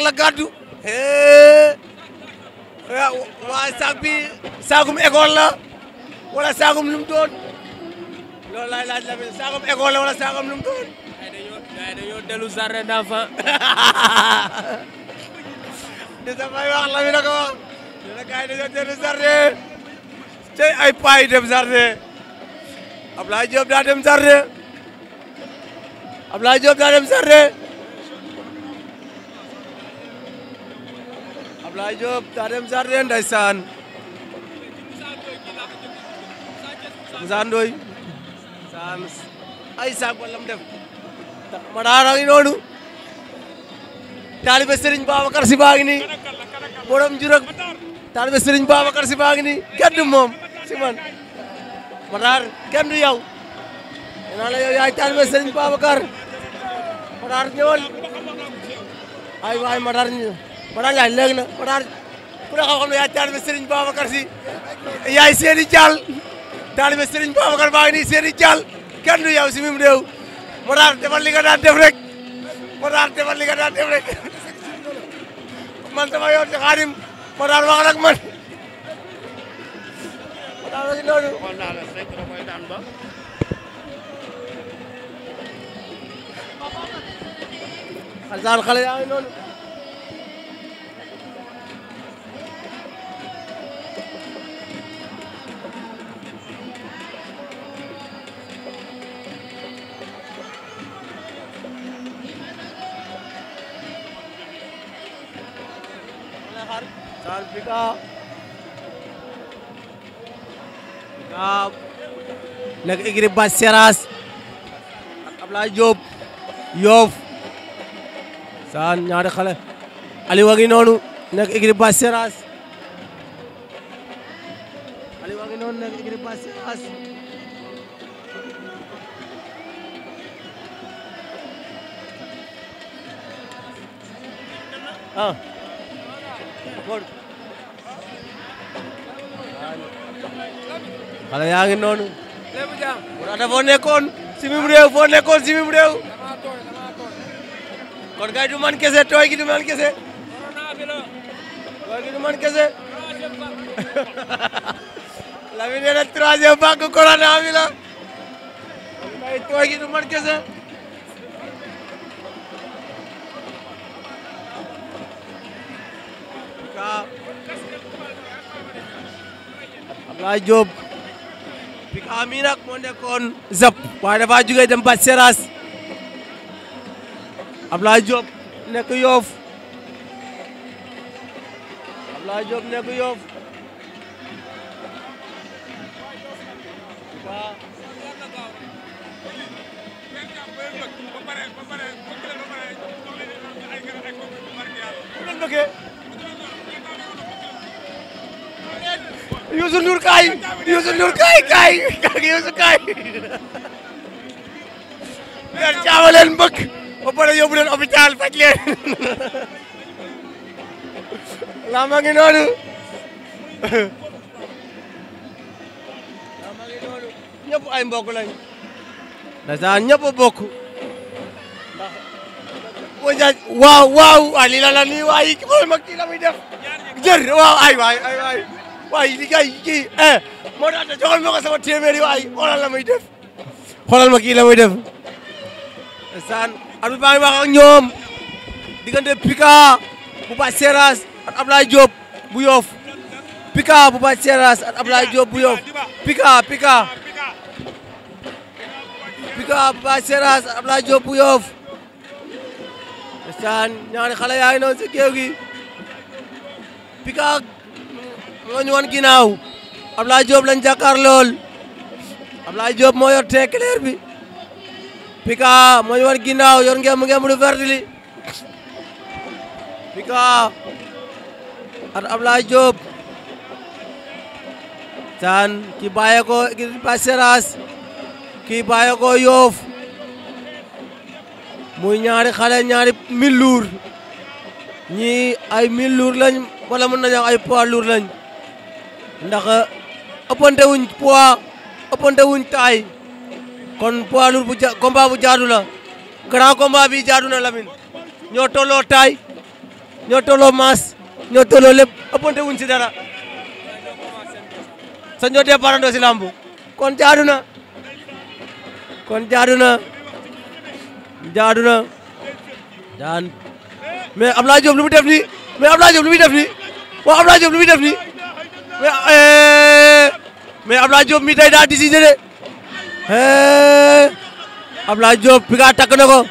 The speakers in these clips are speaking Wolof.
saak la gàddu waaw waaye saak bi saakum la wala saakum lu mu doon loolu laay laaj la bi saakum école la wala saakum lu mu dellu jardin d'enfant di samay la mi na ko wax dellu jardin tey ay paa yi dem jardin Ablaye Diop daa dem jardin Ablaye Diop daa dem jardin Ablaye Diop daa dem jardin ndeysaan Moussa Ndoye saan ay saak wala mu def ma daara ngi noonu taalibe Serigne Babacar Sy baa borom juróom taalibe Serigne Babacar Sy baa ngi nii kenn moom si man ma daar kenn naa la yow yaay taalibe Serigne Babacar ma daar ñëwal ay waay ma Matar Ndiaye léegi na Matar ku ne xam-xam ne yaay taalibe Serigne Babacar si yaay seeni jàll taalibe Serigne Babacar baa ngi nii seeni jàll kenn du yow si mim ndeysaan Pickup Pickup nekk écurie Bass Seras ak Ablaye Diop Yoff saan ñaari xale Aliou wa ngi noonu nekk écurie Bass Seras xale yaa ngi noonu. lépp jaam. bu rafet foo nekkoon. si mim réew foo nekkoon si mim réew. kon kay du man kese tooy gi du man kese. tooy gi du man kese. la mi nee na troisième vague corona bi la. kon kay tooy gi du man kese. waaw. Ablaye Diop. Pika nag moo nekkoon Zap waaye dafa jógee dem ba Seras Abdoulaye Diop nekk Yoff Abdoulaye Diop Youssou Ndour kaay Youssou Ndour kaay kaay kaay Youssou kaay. weer caawa leen faj leen. làmb a ngi noonu. ay mbokk lañu. ndeysaan ñëpp a bokk. waaw waaw waaw lii nii waaye ki ma mag kii la muy waaw ay waay. waay li kay kii eh moo tax joxal ma ko sama téeméeri waay xoolal la muy def xoolal ma kii la muy def saan at bi baa ngi wax ak ñoom diggante Pika bu Bac Seras ak Ablaye Diop bu Yoff Pika bu Bac Seras ak Ablaye Diop bu Yoff Pika Pika Pika bu Bac Seras ak Ablaye Diop bu Yoff saan ñaari xale yaa ngi si géew Pika moo ñu wan ginnaaw Ablaye joob lañ jàkkaar lool Ablaye Diop moo yor teekeleer bi Pika moo ñu wan ginnaaw yor ngeen mu ngeen lu vert li Pika at Ablaye Diop tan ki bàyyee ko ki Seras ki bàyyee ko Yoof muy ñaari xale ñaari mil luur ñii ay mil luur lañ wala mën nañu ay poids luur lañ ndax euh, ëppante wuñ poids ëppante wuñ taay kon poids lourd bu ja combat bu jaadu la grand combat bi jaadu na Lamine ñoo tolloo taay ñoo tolloo maas ñoo tolloo lépp ëppante wuñ si dara sa ñoo dee parando si lambu kon jaadu na kon jaadu na jaadu na daan mais Abdoulaye Diop lu mu def nii mais Abdoulaye Diop lu muy def nii waaw lu muy def mais eh, mais Abdoulaye Diop mi tey daa décidé de eh, Abdoulaye Diop Pika takk na ko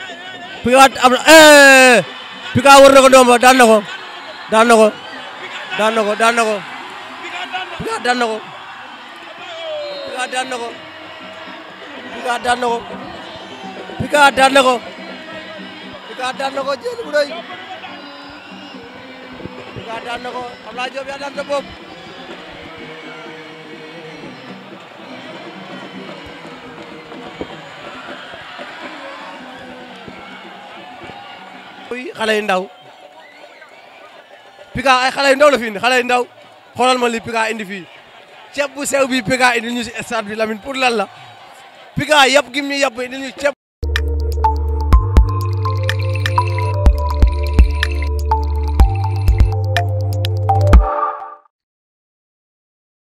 Pika Abdoulaye eh, Pika war na ko ndomba daan na ko daan na ko daan na ko daan na ko Pika daan na ko Pika daan na ko Pika daan na ko Pika daan na ko Pika daan na ko jël bu doy Pika daan na ko Abdoulaye Diop yaa daan na bopp xale yu ndaw Pika ay xale yu ndaw la fi indi xale yu ndaw xoolal ma li Pika indi fii ceeb bu sew bi Pika indi ñu si stade bi Lamine pour lan la Pika yàpp gi ñu yàpp indi ñu ceeb